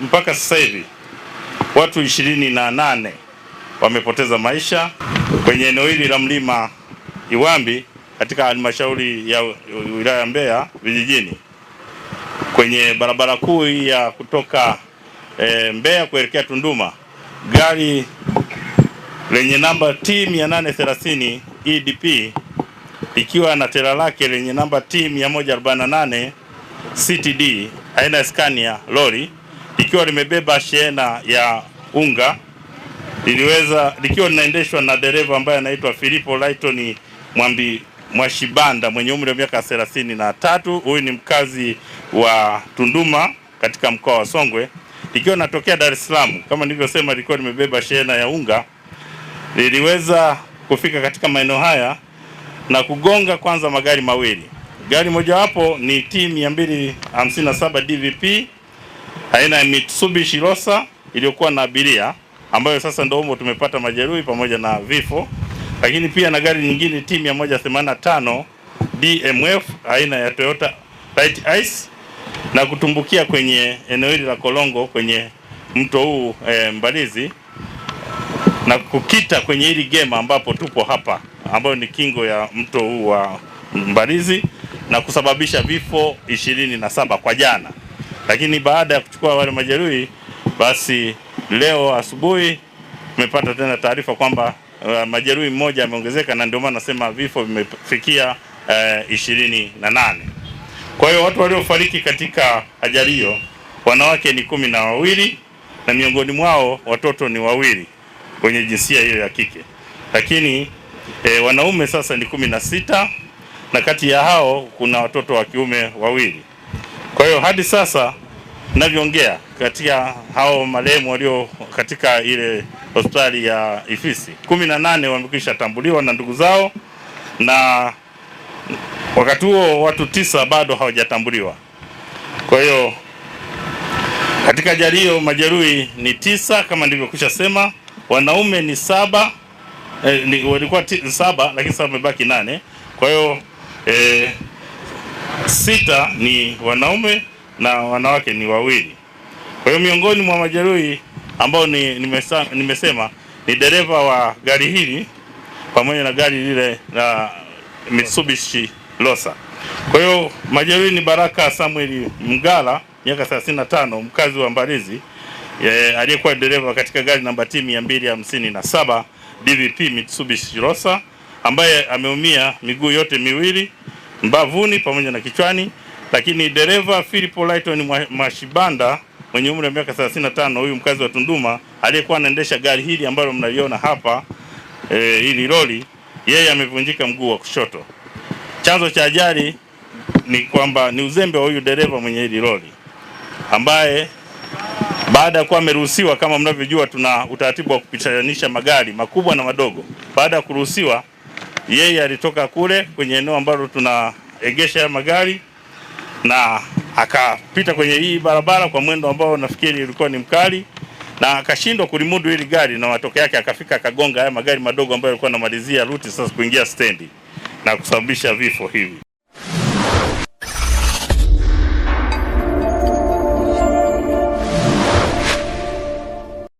Mpaka sasa hivi watu ishirini na nane wamepoteza maisha kwenye eneo hili la mlima Iwambi katika halmashauri ya wilaya ya Mbeya vijijini kwenye barabara kuu ya kutoka e, Mbeya kuelekea Tunduma, gari lenye namba T 830 EDP likiwa na tela lake lenye namba T 148 CTD aina ya Scania lori likiwa limebeba shehena ya unga liliweza likiwa linaendeshwa na dereva ambaye anaitwa Filipo Lighton Mwambi Mwashibanda mwenye umri wa miaka thelathini na tatu. Huyu ni mkazi wa Tunduma katika mkoa wa Songwe, likiwa linatokea Dar es Salaam. Kama nilivyosema, likiwa limebeba shehena ya unga, liliweza kufika katika maeneo haya na kugonga kwanza magari mawili Gari mojawapo ni T 257 DVP aina ya Mitsubishi Rosa iliyokuwa na abiria ambayo sasa ndio humo tumepata majeruhi pamoja na vifo, lakini pia na gari nyingine T 185 DMF aina ya Toyota Light Ice na kutumbukia kwenye eneo hili la Kolongo kwenye mto huu e, Mbalizi na kukita kwenye hili gema ambapo tupo hapa ambayo ni kingo ya mto huu wa Mbalizi na kusababisha vifo ishirini na saba kwa jana, lakini baada ya kuchukua wale majeruhi, basi leo asubuhi tumepata tena taarifa kwamba uh, majeruhi mmoja ameongezeka, na ndio maana nasema vifo vimefikia uh, ishirini na nane. Kwa hiyo watu waliofariki katika ajali hiyo wanawake ni kumi na wawili na miongoni mwao watoto ni wawili wenye jinsia hiyo ya kike, lakini eh, wanaume sasa ni kumi na sita na kati ya hao kuna watoto wa kiume wawili. Kwa hiyo hadi sasa ninavyoongea, katika hao marehemu walio katika ile hospitali ya Ifisi, kumi na nane wamekwisha tambuliwa na ndugu zao, na wakati huo watu tisa bado hawajatambuliwa. Kwa hiyo katika ajali hiyo majeruhi ni tisa kama nilivyokwisha sema, wanaume ni saba eh, walikuwa saba lakini sasa wamebaki nane. Kwa hiyo e, sita ni wanaume na wanawake ni wawili. Kwa hiyo miongoni mwa majeruhi ambao ni, nimesa, nimesema ni dereva wa gari hili pamoja na gari lile la Mitsubishi Losa. Kwa hiyo majeruhi ni Baraka Samuel Mgala miaka 35 mkazi wa Mbalizi e, aliyekuwa dereva katika gari namba T 257 DVP Mitsubishi Losa ambaye ameumia miguu yote miwili mbavuni pamoja na kichwani, lakini dereva Philip Lighton Mashibanda mwenye umri wa miaka 35, huyu mkazi wa Tunduma aliyekuwa anaendesha gari hili ambalo mnaliona hapa e, hili lori, yeye amevunjika mguu wa kushoto. Chanzo cha ajali ni kwamba ni uzembe wa huyu dereva mwenye hili lori ambaye baada ya kuwa ameruhusiwa, kama mnavyojua, tuna utaratibu wa kupitanisha magari makubwa na madogo. Baada ya kuruhusiwa yeye alitoka kule kwenye eneo ambalo tunaegesha ya magari na akapita kwenye hii barabara kwa mwendo ambao nafikiri ulikuwa ni mkali na akashindwa kulimudu hili gari, na matoke yake akafika akagonga haya magari madogo ambayo yalikuwa yanamalizia ruti sasa kuingia stendi na kusababisha vifo hivi.